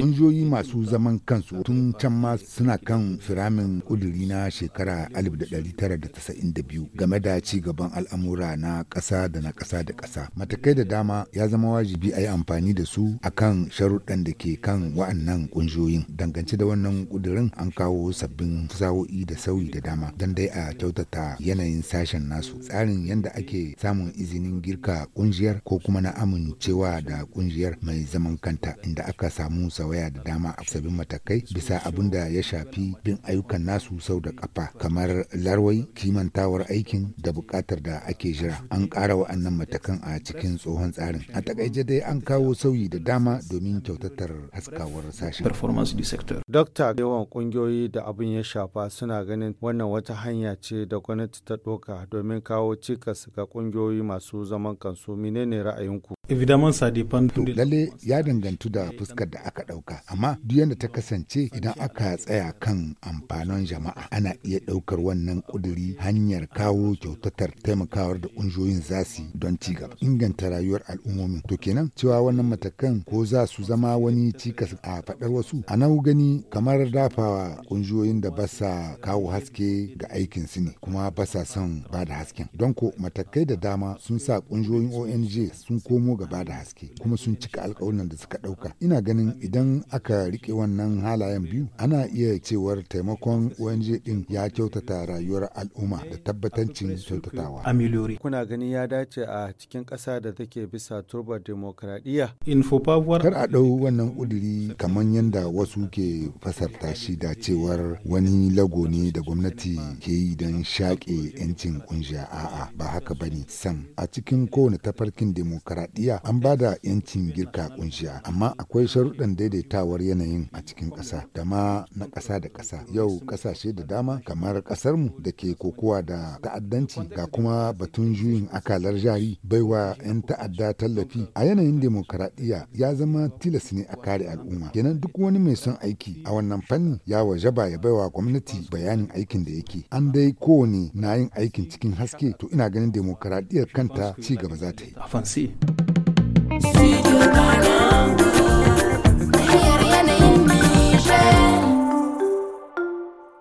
kungiyoyi masu zaman kansu tun can ma suna kan firamin kuduri na shekara 1992 game da ci gaban al'amura na ƙasa da na ƙasa da ƙasa. Matakai da dama ya zama wajibi a yi amfani da su a kan sharuɗan da ke kan wa'annan ƙungiyoyin. Dangance da wannan kudurin an kawo sabbin sa'o'i da sauyi da dama don dai a kyautata yanayin sashen nasu. Tsarin yadda ake samun izinin girka ƙungiyar ko kuma na amincewa da ƙungiyar mai zaman kanta. inda aka samu sawaya da dama a sabbin matakai bisa abin da ya shafi bin ayyukan nasu sau da kafa kamar larwai kimantawar aikin da bukatar da ake jira an ƙara wa'annan matakan a cikin tsohon tsarin a takaice dai an kawo sauyi da dama domin kyautatar haskawar sashen performance di sector dokta yawan kungiyoyi da abin ya shafa suna ganin wannan wata hanya ce da gwamnati ta ɗauka domin kawo cikas ga kungiyoyi masu zaman kansu menene ra'ayinku Evidemment, ça dépend. de lalle ya dangantu da fuskar da aka ɗauka, amma duk yadda ta kasance idan aka tsaya kan amfanin jama'a ana iya ɗaukar wannan ƙudiri hanyar kawo kyautatar taimakawar da ƙungiyoyin zasu don ci gaba. Inganta rayuwar al'ummomi To kenan cewa wannan matakan ko za su zama wani cikas a faɗar wasu. A gani kamar dafawa ƙungiyoyin da basa kawo haske ga aikin su ne kuma basa son ba da hasken. Don ko matakai da dama sun sa ƙungiyoyin ONG sun komo gaba da haske kuma sun cika alkawunan da suka ɗauka ina ganin idan aka rike wannan halayen biyu ana iya cewar taimakon ONG din ya kyautata rayuwar al'umma da tabbatancin kyautatawa kuna ganin ya dace a cikin ƙasa da take bisa turbar demokradiyya kar a dau wannan kuduri kamar yadda wasu ke fasarta shi da cewar wani lago ne da gwamnati ke yi don shaƙe 'yancin ƙungiya a'a ba haka bane sam a cikin kowane tafarkin demokradiya demokuraɗiyya an ba da yancin girka kunshiya amma akwai sharuɗan daidaitawar yanayin a cikin ƙasa da ma na ƙasa da ƙasa yau ƙasashe da dama kamar ƙasarmu da ke kokowa da ta'addanci ga kuma batun juyin akalar jari baiwa 'yan ta'adda tallafi a yanayin demokuraɗiyya ya zama tilas ne a kare al'umma kenan duk wani mai son aiki a wannan fanni ya wajaba ya baiwa gwamnati bayanin aikin da yake an dai kowane na yin aikin cikin haske to ina ganin demokuraɗiyyar kanta ci gaba za ta yi. See you, my